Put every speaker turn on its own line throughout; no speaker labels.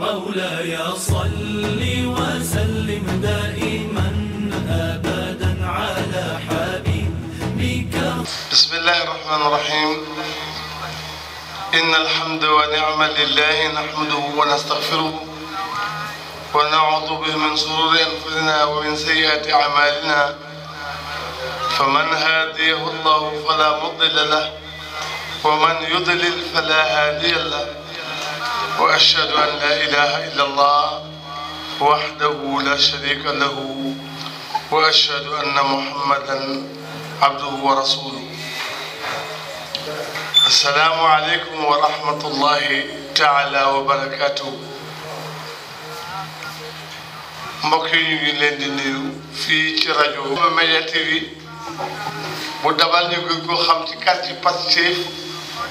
مولاي صل وسلم دائما أبدا على حبيبك بسم الله الرحمن الرحيم إن الحمد ونعم لله نحمده ونستغفره ونعوذ به من شرور أنفسنا ومن سيئات أعمالنا فمن هاديه الله فلا مضل له ومن يضلل فلا هادي له وأشهد أن لا إله إلا الله وحده لا شريك له وأشهد أن محمدا عبده ورسوله السلام عليكم ورحمة الله تعالى وبركاته مكيني لندني في تراجو مميا تيفي مدبال نيكو خمتي كاتي باسيف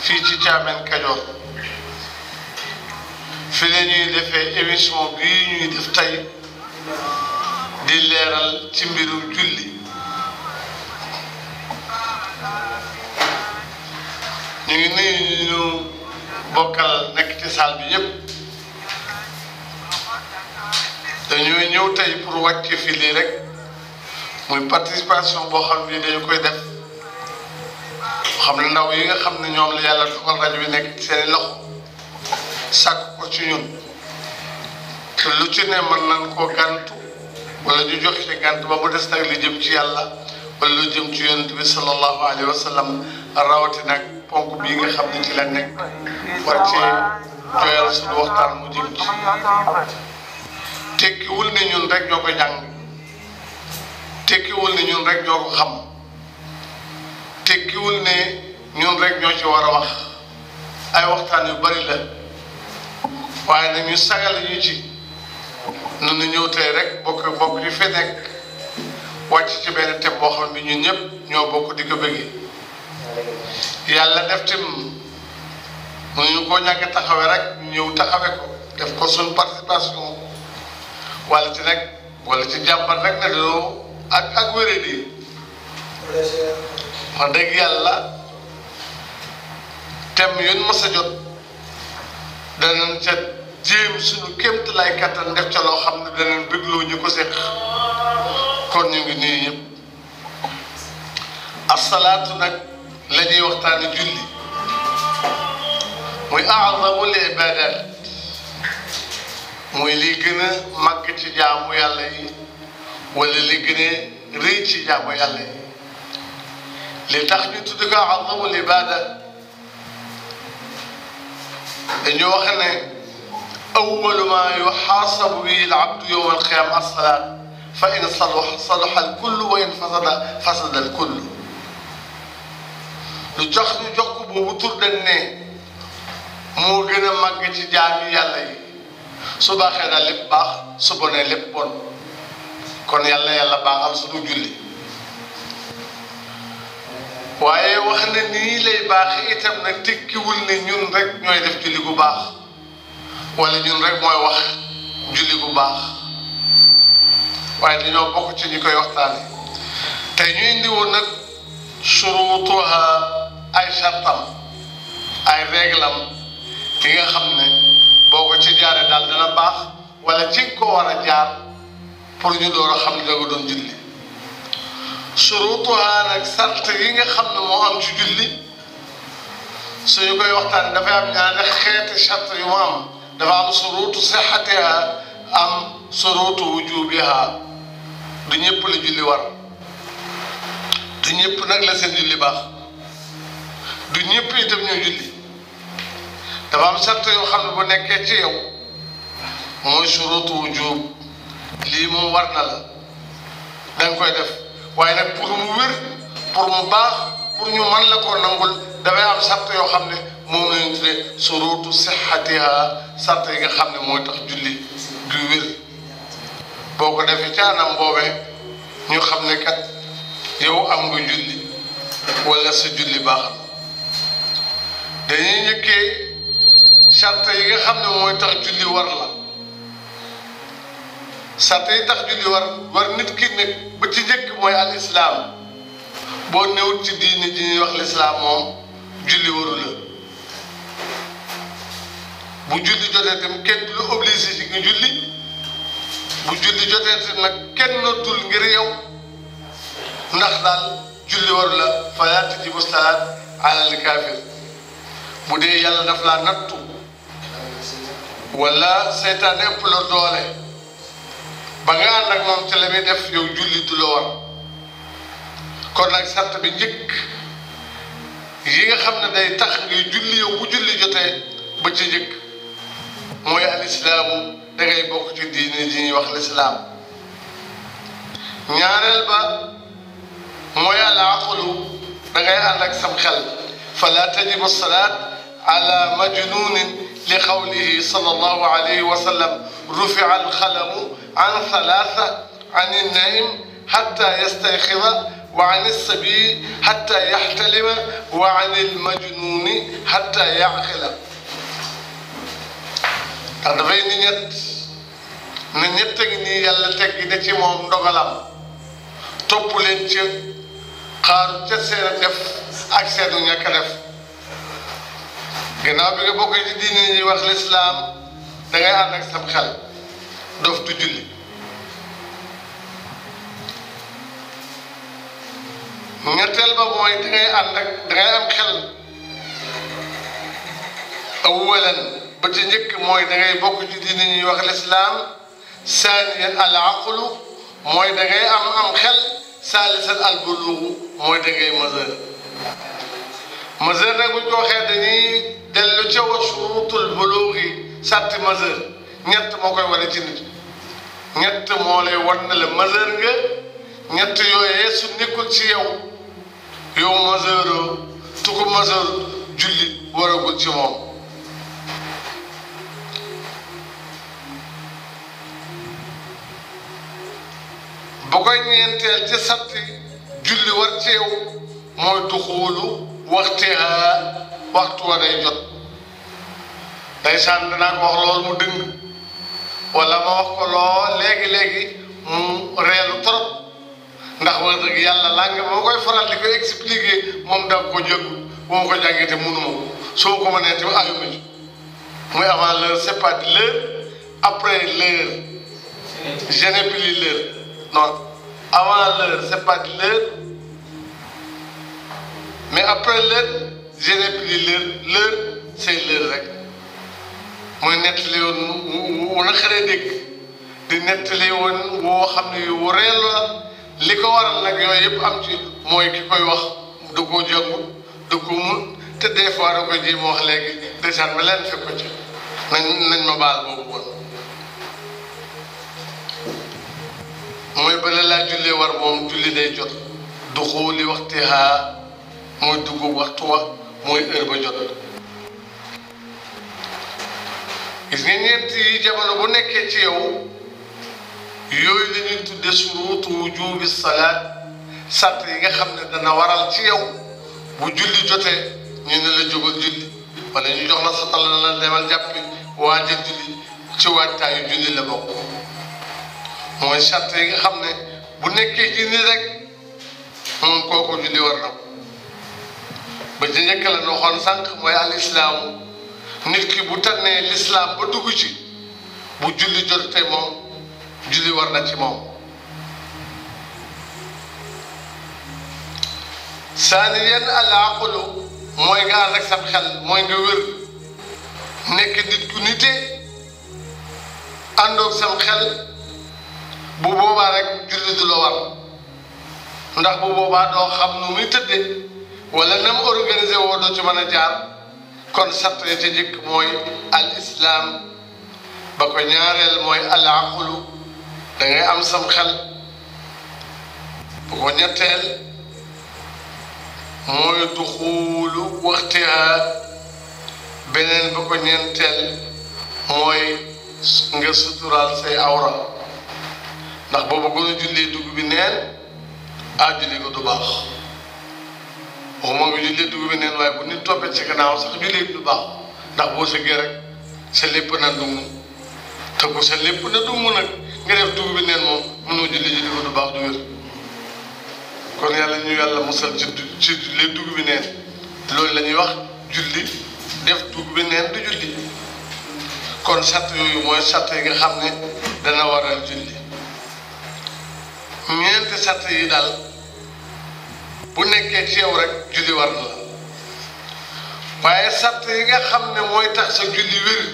في تيتامين كاجور fi la ñuy defee émission bii def tey di leeral ci mbirum julli ñu ngi nuyu ñu bokkal nekk ci saal bi yépp dañoo ñëw tey pour wàcc fi lii rek muy participation boo xam ni dañu def xam ne ndaw yi nga xam ne ñoom la yàlla dogal rajo bi nekk seen loxo sàkku ci ñun te lu ci ne mën nañ koo gàntu wala ñu joxe ci gànt ba mu des nag jëm ci yàlla wala lu jëm ci yonent bi sallallahu alayhi wa sallam rawati nag ponk bii nga xam ne ci la nekk war cee jooyal suñu waxtaan mu jëm ci tekkiwul ne ñun rek ñoo ko jàng tekkiwul ñun rek ñoo ko xam tekkiwul ne ñun rek ñoo ci war a wax ay waxtaan yu bari la waaye nañu sagal ñu ci nunu ñëw tey rek bokk bokk di fi nekk wàcc ci benn thème boo xam ne ñun ñëpp ñoo bokk di ko bëggee yàlla def tim mënuñu koo ñàkk taxawe rek ñëw taxawe ko def ko suñ participation wala ci nag wala ci jàmbat rek ne dañoo ak ak wéradi ma yàlla thème yun mas a jot danañ ca jéem suñu kémt lay kattan def ca loo xam ne danañ bégloo ñu ko séq kon ñu ngi nuyu ñëpp asalaatu nag la ñuy waxtaane julli muy aazamul ibadat muy li gën a ci jaamu yàlla yi wala li gën rëy ci jaamu yàlla yi li tax ñu tudd ko aazamul ibada dañu wax ne أول ما يحاسب به العبد يوم القيامة الصلاة فإن صلح صلح الكل وإن فسد فسد الكل لتخرج جكب وبتردن موغن مكت جامي يلي سبا خير لباخ سبون لبون كون يلا يلا باخ سدو جولي waye wax na ni lay baax itam nak ni ñun rek ñoy def ci wala ñun rek mooy wax julli bu baax waaye dañoo bokk ci ñi koy waxtaane tey ñu indi woon nag surutuha ay sartam ay réglam ki nga xam ne boo ko ci jaare daal dana baax wala ci ko war jaar pour ñu door xam ne danga doon julli surutuha nag sart yi nga xam ne moo am ci julli suñu koy waxtaan dafay a ñaari xeeti sart yu mu dafa am suruutu sixatiha am suruutu wujubiha du ñëpp la julli war du ñëpp nag la seen julli baax du ñëpp itam ñoo julli dafa am sart yoo xam ne bu nekkee ci yow mooy suruutu wujub lii moom war na la danga koy def waaye nag pour mu wér pour mu baax pour ñu man la koo nangul dafay am sart yoo xam ne moom lañu tuddee suruutu sixatiha sart yi nga xam ne mooy tax julli du ko defee ca anam ñu xam ne kat yow am nga yi nga xam ne mooy tax julli war la sarte yi tax julli war war nit ki nekk ba ci njëkk mooy al boo néewut ci diine ji wax lislaam moom julli waru bu julli jotee tam kenn du ngir yow ndax daal julli waru la falaa tajibu salaat alal kaafir bu dee yàlla daf laa nattu wala seytaane ëpp la doole ba nga ànd moom ci la def yow julli du la kon nag sart bi njëkk yi nga xam ne day tax ngay julli yow bu julli jotee ba ci njëkk mooy alislaamu da ngay bokk ci diine ji ñuy wax lislaam ñaareel ba mooy al aqlu da ngay ànd ak sam xel fala tajibu salaat ala majnunin li qawlihi sallallahu alayhi wa sallam rufia alxalamu an thalatha an innaim xatta yastayxida وعن السبي حتى يحتلم وعن المجنون حتى يعقل كاداي ني نيت ني نيت ني يالا تيغي دي سي موم دوغالام توپ لين سي خار سي سير ديف اك سيدو نياك ديف غناب بوكي دي ني واخ الاسلام داغي اندك سام خال دوف تو جولي ñetteel ba mooy da ngay ànd ak da ngay am xel awalan ba ci njëkk mooy da ngay bokk ci diine ñuy wax lislaam saaniyan al aqlu mooy da ngay am am xel saalisan al bulugu mooy da ngay majeur majeur nag buñ ko waxee dañuy dellu ca wa shurutul bulugi sàtti majeur ñett moo koy wane ci nit ñett moo lay wan na la majeur nga ñett yooyee su nekkul ci yow yow maseeroo tu ko maseer jullit waragul ci moom bu koy ñeenteel ci satti julli war ci yow mooy duxuulu waxtiha waxtu wa day jot ndeysaan danaa ko wax lool mu dëng wala ma wax ko léegi-léegi mu reelu trop ndax wax dëgg yàlla làng boo koy faral di ko expliqué moom daf ko jëkk bu ma ko jàngee te mënu ma soo ko mënee te ayuma ji muy avant l'heure c'est pas l'heure l'heure mais après l'heure je n'ai plus l'heure c'est l'heure rek mooy nettali woon wu wu la xëree dégg di nettali woon woo xam ne yu réel la li ko waral nag yooyu yëpp am ci mooy ki koy wax du ko jàngul du ko mun te des fois da koy jéem wax léegi déjà ma leen fekk ko ci nañ nañ ma baal boobu woon mooy bala war moom julli day jot du xuuli waxti haa mooy dugg waxtu wa mooy heure ba jot gis nga ñeent yi jamono bu nekkee ci yow yooyu la ñuy tudde suruutu wujubi salaat sart yi nga xam ne dana waral ci yow bu julli jotee ñu ne la jógal julli wala ñu jox la sa tal na la demal jàppi waaja julli ci waajtaayu julli la bokk mooy sart yi nga xam ne bu nekkee ci nii rek moom kooku julli war na ko ba ci njëkk la nu xoon sànq mooy al islaamu nit ki bu tànnee lislaam ba dugg ci bu julli jotee moom julli war na ci moom saaniyan al aqlu mooy nga rek sam xel mooy nga wér nekk nit ku nite àndoog sam xel bu boobaa rek julli du la war ndax bu boobaa doo xam nu muy tëdde wala nam mu organisé woo doo ci mën a jaar kon sart ya ca mooy al islam ba ko ñaareel mooy al aqlu da am sam xel bu ko ñetteel mooy duxuulu waxtiha beneen ba ko ñeenteel mooy nga suturaal say awra ndax boobu gën a jullee dugub bi neen ah julli ko du baax moom moo ngi jullee dugub neen waaye bu nit toppee ci gannaaw sax jullee du baax ndax boo sëggee rek sa lépp na dumm te ku sa lépp na dumm nag nga def dugub bi neen ko du baax du wér kon yàlla loolu la ñuy wax julli def dugub bi neen du yooyu mooy sart yi nga xam ne dana waral julli ñeenti sart yi daal bu nekkee ci yow rek julli war na la waaye sart yi nga xam ne mooy tax sa julli wér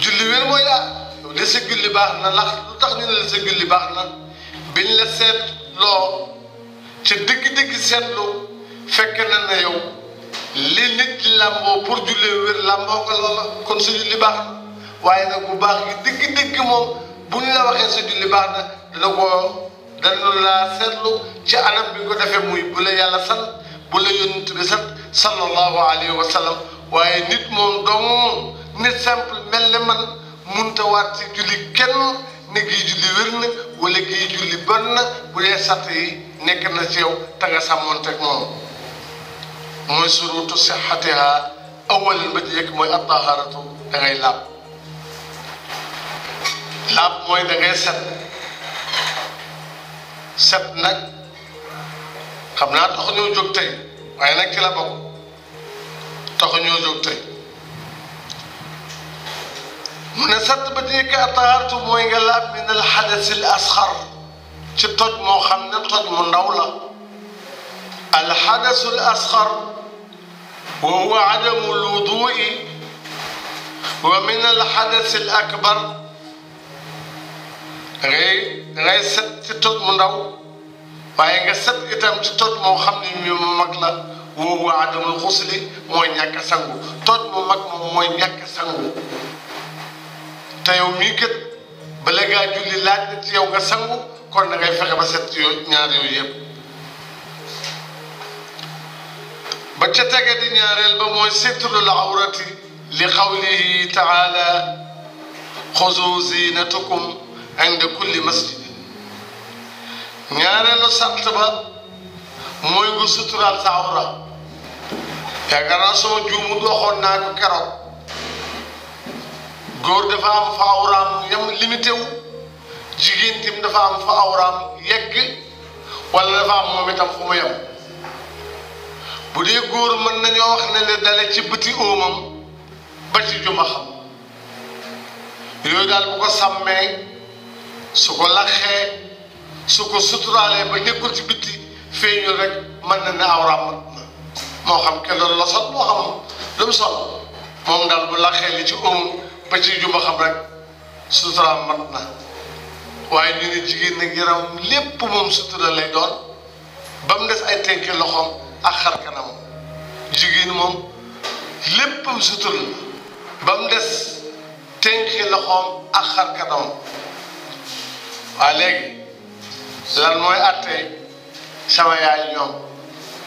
julli wér mooy ah li sa julli baax na ndax lu tax ñu ne li sa julli baax na biñ la seetloo ca dëgg-dëgg seetlu fekk na na yow li nit làmboo pour jullee wér làmboo ko loola kon sa julli baax na waaye nag bu baax gi dëgg-dëgg moom bu ñu la waxee sa julli baax na dina ko dana laa seetlu ci anam bi ko defee muy bu la yàlla sant bu la yónnent bi sant sallallahu alayhi wa sallam waaye nit moom dong nit simple mel ne man munta waat ci julli kenn ne gii julli wér na wala gii julli ban bu dee sart yi nekk na ci yow te nga teg moom mooy surutu sixatiha awal ba ci yëkk mooy attaharatu da ngay laab laab mooy da set set nag xam naa tax ñoo jóg tey waaye nag ci la bokk tax ñoo jóg tey من سد بدنك أطارت موينغلا من الحدث الأسخر تطج مو خمنا تطج نولا الحدث الأسخر وهو عدم الوضوء ومن الحدث الأكبر غي غي ست تطج من نو ما ينغ ست إتم تطج مو خمنا ميوم مغلا وهو عدم الغسل موينيك سنغو تطج مو مك مو موينيك سنغو te yow mii kët ba léegaa julli laaj na ci yow nga sangu kon da ngay fexe ba set yooyu ñaar yooyu yëpp ba ca tege di ñaareel ba mooy sitrul awrati li qawlihi taala xuzu zinatukum inda kulli masjidin ñaareelu sart ba mooy nga suturaal sa awra yaakaar naa soo juumut waxoon naa ko keroog góor dafa am fa awraam ñam limité wu jigéen tim dafa am fa awraam yegg wala dafa am moom itam fu mu yem bu dee góor mën nañoo wax ne le dale ci bëti óomam ba ci juma yooyu daal bu ko sàmmee su ko laxee su ko suturaalee ba nekkul ci bitti feeñul rek mën na ne awraam na moo xam ke loolu la sol moo xam lu mu sol moom daal bu laxee li ci óomam ba ci ju ma xam rek sutura mat na waaye ñu ne jigéen nag yaram lépp moom sutura lay doon ba mu des ay tenki loxoom ak xar kanam moom léppam sutura des tenki loxoom ak xar kanam waaye léegi lan mooy àttee sama ñoom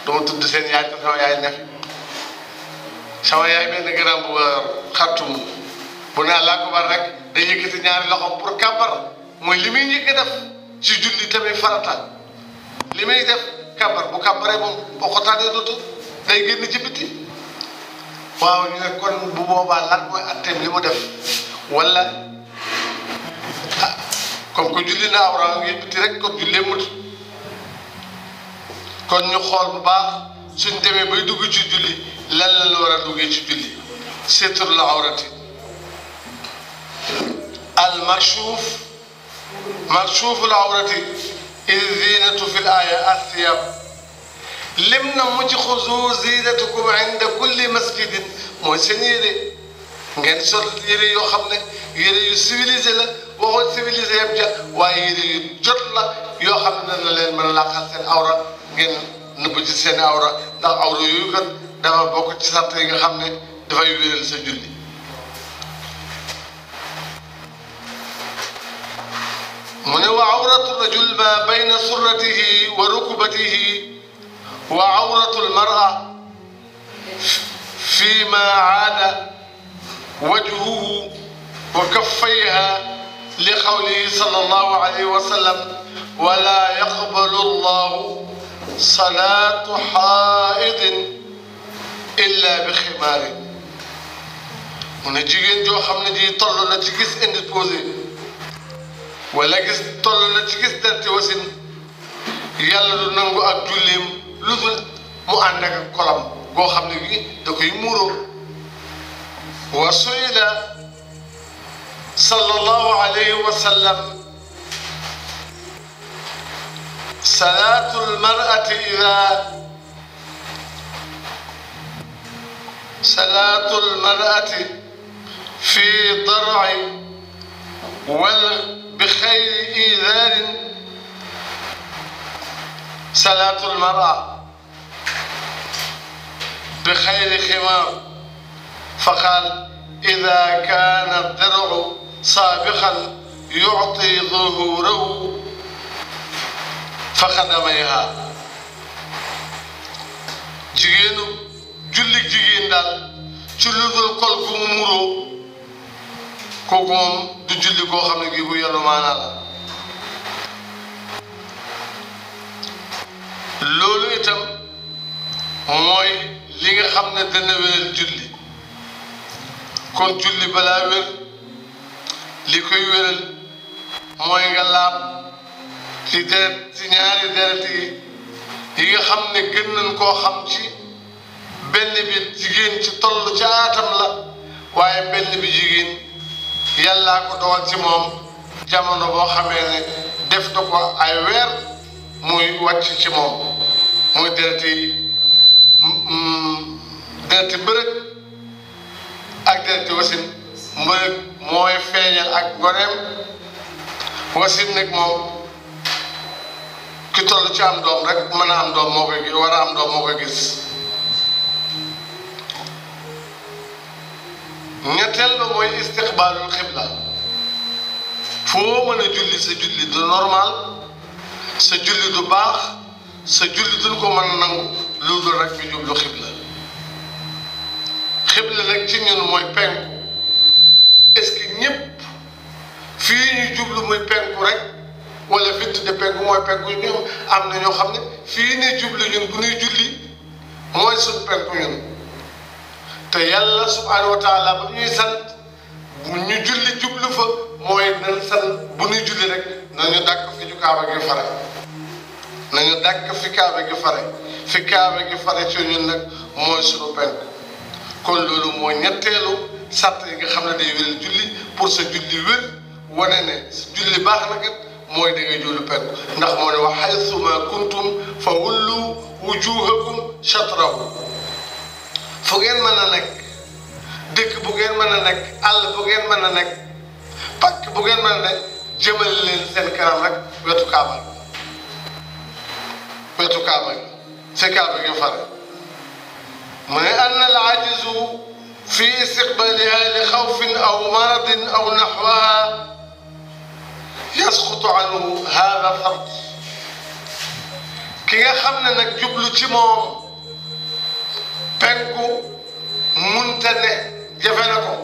dama tudd seen yaay te sama yaay nekk sama yaay benn garaam bu ne allah akbar rek day yëkkati ñaari loxoom pour kàbbar mooy li muy njëkk def ci julli tamit farata li muy def kàbbar bu kàbbaree moom boo ko tànnee dootu day génn ci biti waaw ñu ne kon bu boobaa lan mooy atteem li mu def wala ah comme que julli na awra ngi biti rek kon jullee mut kon ñu xool bu baax suñ demee bay dugg ci julli lan la war a duggee ci julli seetur la awrati المكشوف مكشوف العورة الزينة في الآية الثياب لمنا مجي خذوا زينتكم عند كل مسجد mooy seen yére ngeen sol yére yoo xam ne yére yu civilisé la waxoon civilisé yëpp ja waaye yére yu jot la yoo xam ne dana leen mën a làqal seen awra ngeen nëbb ci seen awra ndax awra yooyu kat dafa bokk ci sart yi nga xam ne dafay wéral sa julli من وعورة الرجل ما بين سرته وركبته وعورة المرأة فيما عاد وجهه وكفيها لقوله صلى الله عليه وسلم ولا يقبل الله صلاة حائض إلا بخمار ونجي جو jigéen joo xam ne ji ولكن طلنا تجس درت وسن يلا نعو أجوليم لذو كلام غو خمني دكوي مورو وسئل صلى الله عليه وسلم صلاة المرأة إذا في ضرع والقلب بخير إيذار صلاة المرأة بخير خمار فقال إذا كان الدرع سابقا يعطي ظهوره فخدميها جيجينو جلي جيجين دال جلي ذو القلق muro kooku moom du julli koo xam ne gii bu yenu maanaa la loolu itam mooy li nga xam dana wéral julli kon julli balaa wér li koy wéral mooy nga laab ci deret ci ñaari deret yi yi nga xam ne gën nañ koo xam ci benn bi jigéen ci toll ca atam la waaye benn bi jigéen yàllaa ko doon ci moom jamono boo xamee ne def na ko ay weer muy wàcc ci moom muy dereti mm, dereti mbërëg ak dereti wasin mbërëg mooy feeñal ak ngoneem wasin nag moom ki toll ci am doom rek mën a am doom moo koy war a am doom moo koy gis ñetteel ba mooy istiqbaalul xibla foo mën a julli sa julli du normal sa julli du baax sa julli duñ ko mën a nangu loolu rek ñu jublu xibla xibla nag ci ñun mooy penku est-ce que ñëpp fii ñu jublu muy penku rek wala fi tudde penku mooy penku ñun am na ñoo xam ne fii ñuy jublu ñun bu ñuy julli mooy suñu penku ñun. te yàlla subhaanahu wa taala ba ñuy sant ñu julli jublu fa mooy nan sant bu ñuy julli rek nañu dàkk fi ñu kaaba gi fare nañu dàkk fi kaaba gi fare fi kaaba gi fare ci ñun nag mooy suñu penk kon loolu mooy ñetteelu sart yi nga xam ne day wéral julli pour sa julli wér wane ne julli baax na kat mooy da ngay julli penk ndax moo ne wa haythuma kuntum fa wullu wujuhakum shatrahu fu ngeen mën a nekk dëkk bu ngeen mën a nekk àll bu ngeen mën a nekk pàcc bu ngeen mën a nekk jëmal leen seen kanam rek wetu kaaba wetu kaaba si kaaba gi fare mu ne an al ajizu fi istiqbaliha li xawfin aw maradin aw naxwaha yasqutu anhu hada fard ki nga xam ne nag jublu ci moom penku munta ne jafe na ko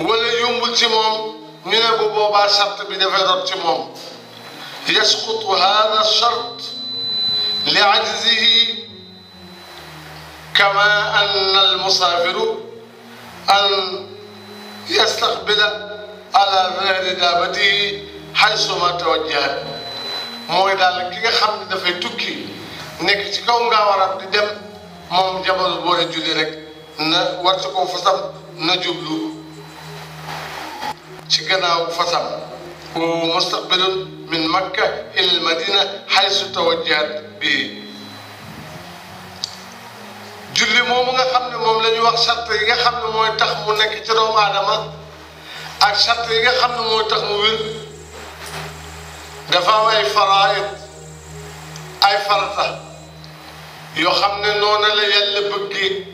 wala yombul ci moom ñu ne bu boobaa sart bi dafay rot ci moom يسقط هذا الشرط لعجزه كما أن المسافر أن يستقبل على ظهر دابته xaysuma tawajjahat mooy daal ki nga xam ne dafay tukki nekk ci kaw ngaa waral di dem mom jabal boore julli rek na war ci ko fasam na jublu ci gannaaw fasam wa mustaqbilun min makka ila madina haythu tawajjahat bi julli mom nga xamne mom lañu wax sart yi nga xamne moy tax mu nek ci doom adama ak sart yi nga xamne moy tax mu wir dafa am ay faraid ay farata yoo xam ne noonu la yàlla bëggee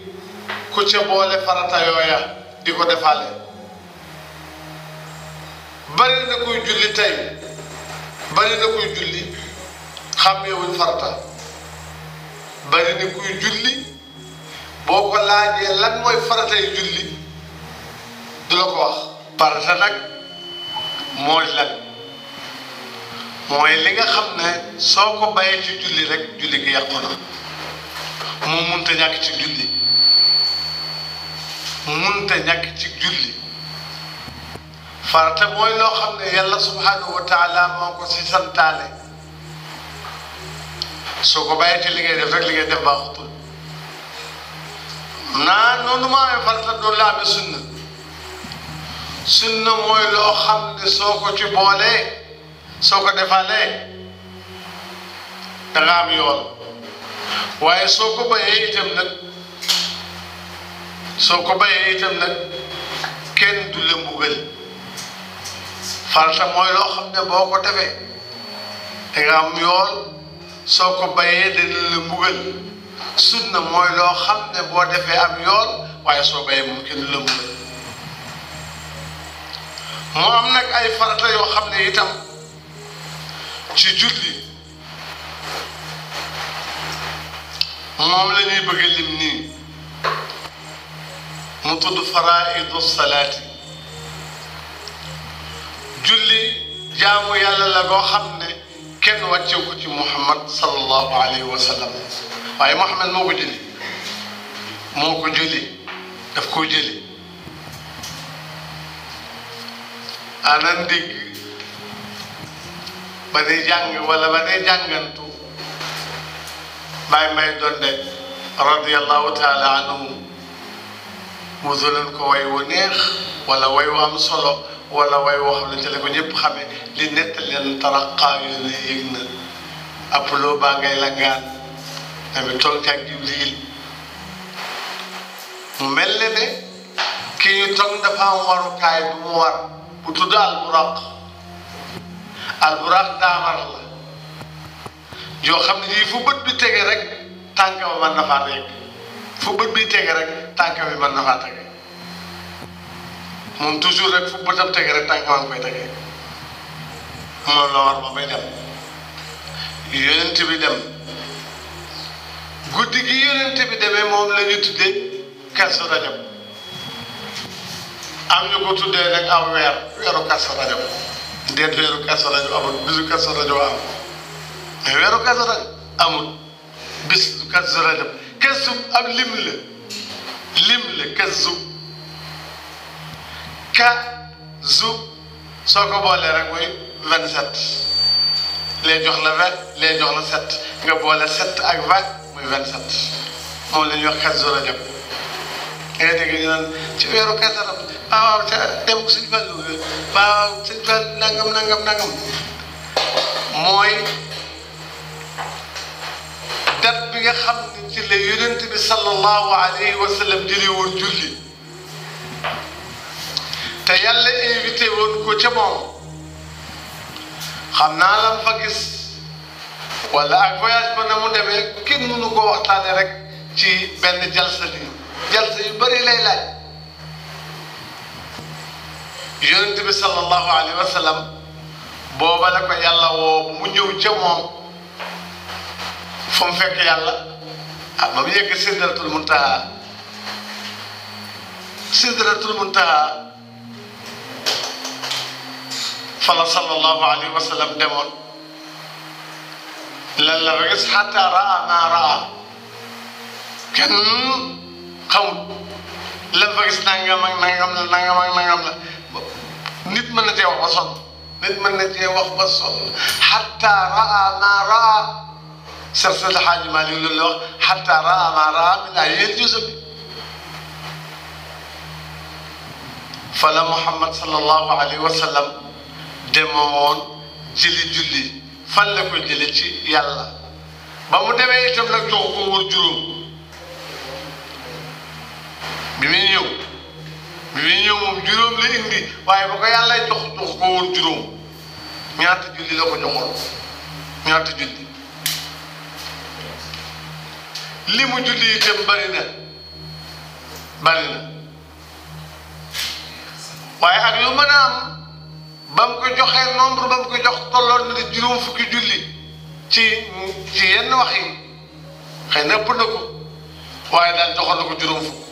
ku ca boole farata yooya di ko defaale bari na kuy julli tey bari na kuy julli xàmmeewuñ farata bari kuy julli boo ko laajee lan mooy faratay julli du ko wax farata nag mooy lan mooy li nga xam ne soo ko bàyyee ci julli rek julli gi yàqu na moo munta ñàkk ci julli munta ñàkk ci julli farata mooy loo xam ne yàlla subhanahu wa moo ko si santaale soo ko bàyyi ci li def rek li naa noonu ma amee farata doon laa amee sunna sunna mooy loo xam ne soo ko ci boolee soo ko defalee da nga am yoon waaye soo ko bayee itam nag soo ko bayee itam nag kenn du la mbugal farata mooy loo xam ne boo ko defee da am yool soo ko bayee dana la mbugal sunna mooy loo xam ne boo defee am yool waaye soo bayee moom kenn du la mbugal moo am nag ay farata yoo xam ne itam ci julli معاملني بكلمني مطد فرائض الصلاة جلي جامو يالا لا بو خامن كين واتيو محمد صلى الله عليه وسلم واي محمد موكو جلي موكو جلي دافكو جلي انا ندي بني جانغ ولا بني جانغنتو باي ماي دون رضي الله تعالى عنه مذلن كو ونيخ ولا وي ام صلو ولا وي وخ لي تلي كو نيب خامي لي نيتال لين ترقا يغن ابلو باغي لاغان تامي تول تاك جبريل ملني كي ني تون دفا وار كاي بو وار بو تودال البراق البراق دامر الله yoo xam ne yii fu bët bi tege rek tànk ba mën na faa fu bët bi tege rek tànk bi mën na faa moom toujours rek fu bëtam tege rek tànk maa ngi koy tege moom la war ba bay dem yonent bi dem guddi gi yonent bi demee moom la ñu tuddee kasu rajab am ñu ko tuddee nag aw weer weeru kasu rajab déet weeru kasu rajab amul bisu kasu rajab am mais weeru Kazu Rajab amul bis Kazu Rajab kazu ab lim la lim la kazu kazu soo ko boolee rek mooy vingt sept lee jox la vingt lee jox la sept nga boole sept ak vingt muy vingt sept moom la ñuy wax Kazu Rajab nga dégg ñu naan ci weeru Kazu Rajab waaw ca dem ko suñu fan waaw suñu fan nangam nangam nangam mooy nga xam ne ci la yonent bi sallallahu alayhi wa sallam jëlee woon julli te yàlla invité woon ko ca moom xam naa lan fa gis wala ak voyage ba na mu demee kenn mënu ko waxtaane rek ci benn jalsa bi jalsa yu bëri lay laaj yonent bi sallallahu alayhi wa sallam booba la ko yàlla woo mu ñëw ca moom fu mu fekk yàlla ah ba mu yegg sidratul muntaha sidratul muntaha fala sallallahu alayhi wa sallam demoon lan la fa gis xatta raa ma raa kenn xamul lan fa gis nangam ak nangam la nangam ak nangam la nit mën na cee wax ba sonn nit mën na cee wax ba sonn xatta raa ma raa سرسل الحاج مالي للوغ حتى رأى ما رأى من أي الجزم فلا محمد صلى الله عليه وسلم دمون جلي جلي فلكو جلي يلا بامو دمي يتم لك جوكو ورجرو بمين يوم بمين يوم ومجروم لإندي وهي بقى يلا جوكو ورجرو نياتي جلي لكو جمعون نياتي جلي li mu julli itam bari na waaye ak lu mën a ba mu ko joxee nombre ba mu ko jox tolloon na di juróom fukki julli ci ci yenn wax yi xëy waaye daal joxoon na ko fukk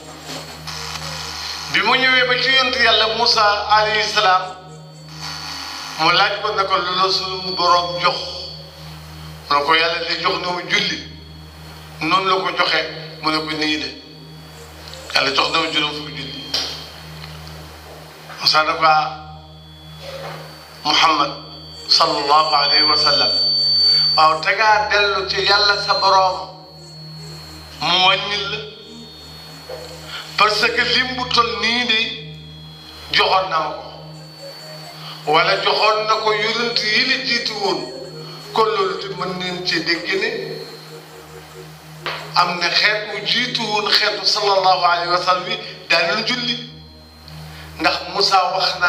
bi mu ñëwee ba ci yàlla Moussa alayhi salaam mu laaj ko ne ko lu la suñu borom jox mu ko yàlla di jox na mu julli noonu la ko joxee mu ne ko nii de yàlla jox na ma juróom fukki junni Moussa ah, dafa mu wàññil la parce bu toll nii de na wala joxoon na ko yonent yi la jiitu woon kon loolu di mën neen ci dégg am na xeet wu jiitu woon xeetu sallallahu alayhi wa sallam daan lu julli ndax Moussa wax na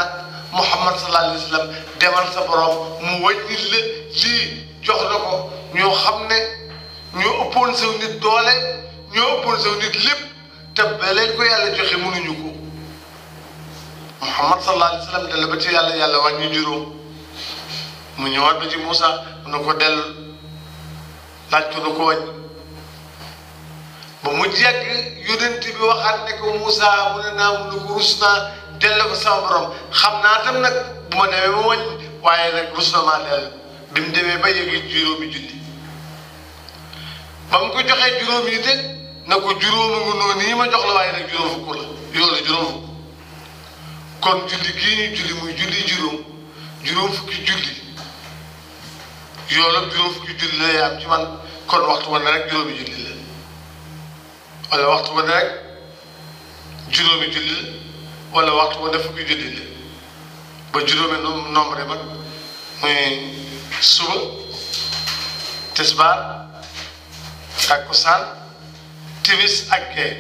Mouhamad sallallahu alayhi wa sallam demal sa borom mu wàññi la lii jox la ko ñoo xam ne ñoo ëppoon saw nit doole ñoo ëppoon saw nit lépp te ba leen ko yàlla joxe mënuñu ko Mouhamad sallallahu alayhi wa sallam dala ba ci yàlla yàlla wàññi juróom mu ñëwaat ba ci Moussa mu ne ko dell laaj ko ko wàññi. ba mu jekk yonent bi waxaat ne ko Moussa mu naa mu ne ko rus ko sama xam naa tam nag bu ma demee ba wàññ waaye nag rus na ba yëgi juróomi junni ko joxee juróom yi dégg ma jox la waaye nag juróom kon julli gii ñuy muy julli juróom juróom fukki julli juróom la yaam ci man kon waxtu woon na juróomi julli la wala waxtu bu ne rek juróomi julli wala waxtu bu ne fukki julli la ba juróomi nombre yi muy suba tisbaar takkusaan timis ak gee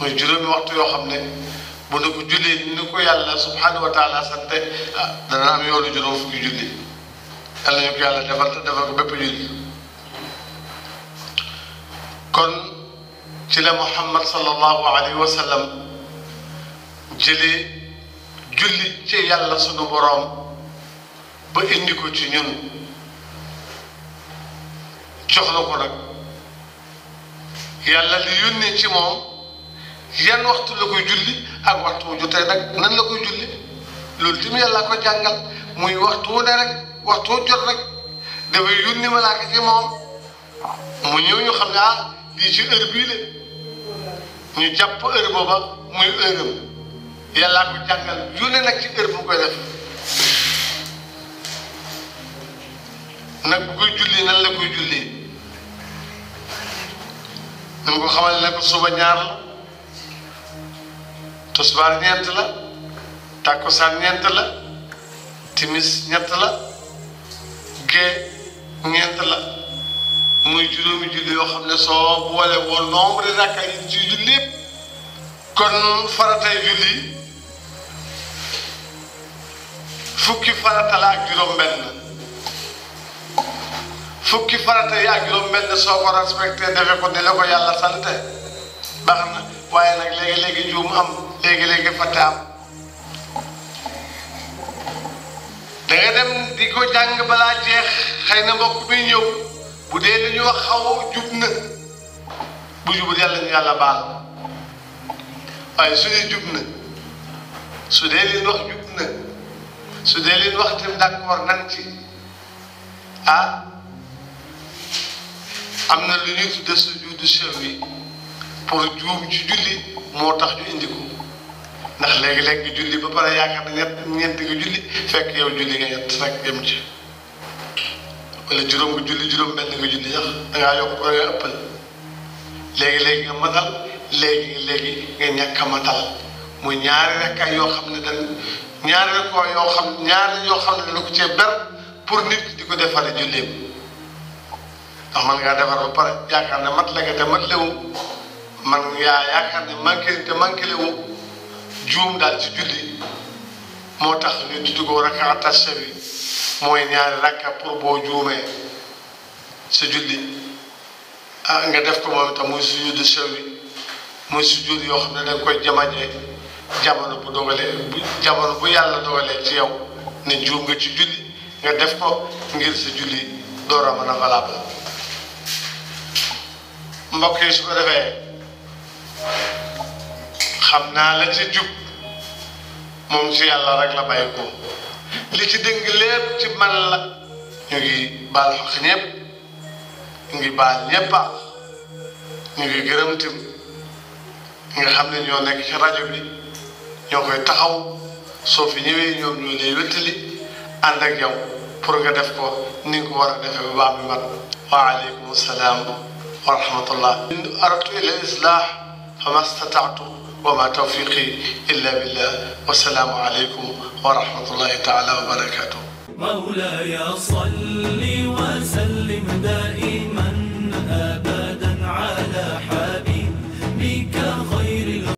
muy juróomi waxtu yoo xam ne bu nu ko jullee ni ko yàlla ah, fukki julli yàlla ñu ko yàlla defal te defal ko bépp julli kon تلا محمد صلى الله عليه وسلم جلي جلي تي يالا سونو بروم با انديكو تي نين جوخنوكو نك يالا لي يوني تي موم يان وقت لاكوي جولي اك وقت مو جوتي نك نان لاكوي جولي لول تيم يالا كو جانغال موي وقتو ده رك وقتو جوت رك دا فاي يوني ملاك تي موم مو نيو ني خمنا لي جي اربي ñu jàpp heure booba muy heure am yàllaa jàngal junne nag ci heure koy def nag bu koy julli nan la koy julli ko xamal ne ko ñaar la tosbaar ñeent la tàkkusaan ñeent la timis ñett la gée ñeent la muy juróomi julli yoo xam ne soo boole woon nombre rakka yi ci julli kon faratay julli fukki farata ak juróom-benn fukki farata yi ak juróom-benn soo ko respecté defe ko ne ko yàlla sante baax na waaye nag léegi-léegi juum am léegi-léegi fàtte am da nga dem di ko jàng balaa jeex xëy na mbokk bi ñëw. bu dee dañu wax xaw jub na bu jubul yàlla ñu yàlla baal waaye su dee jub na su dee leen wax jub na su dee leen wax tam d'accord nan ci ah am na lu ñuy tudde sujudu sahwi pour juum ci julli moo tax ñu indi ko ndax léegi-léegi julli ba pare yaakaar ne ñett ñeenti nga julli fekk yow julli nga ñett rek yem ci wala juróom nga julli juróom benn nga julli dangaa yokk wala nga ëppal léegi-léegi nga matal léegi léegi nga ñàkk a matal muy ñaari rakkaay yoo xam ne dañ ñaari rakkaay yoo xam ñaari yoo xam ne dañ ko cee ber pour nit di ko defare julleem ndax man ngaa defar ba pare yaakaar ne mat la nga te mat man yaa yaakaar ne manqué te manqué lewu juum daal ci julli moo tax ñu tudd ko rakka tasawi mooy ñaari rakka pour boo juumee sa julli ah nga def ko moom itam muy sujudu sawi muy sujud yoo xam ne danga koy jamañee jamono bu dogalee bu jamono bu yàlla dogalee ci yow ne juum nga ci julli nga def ko ngir sa julli door a mën a valable mbokk yi su ko defee xam naa la ci jub moom ci yàlla rek la bàyyi ko li ci dëng lépp ci man la ñu ngi baal xaq ñëpp ñu ngi baal ñëpp a ñu ngi gërëm tim xam ne ñoo nekk ci rajo bi ñoo koy taxaw soo fi ñëwee ñoom ñoo lay wéttali ànd ak yow pour nga def ko ni nga war a defee bu baax bi mat waaleykum salaam wa rahmatullah in aradtu ila islah fama stata'tu وما توفيقي إلا بالله والسلام عليكم ورحمة الله تعالى وبركاته مولاي صل وسلم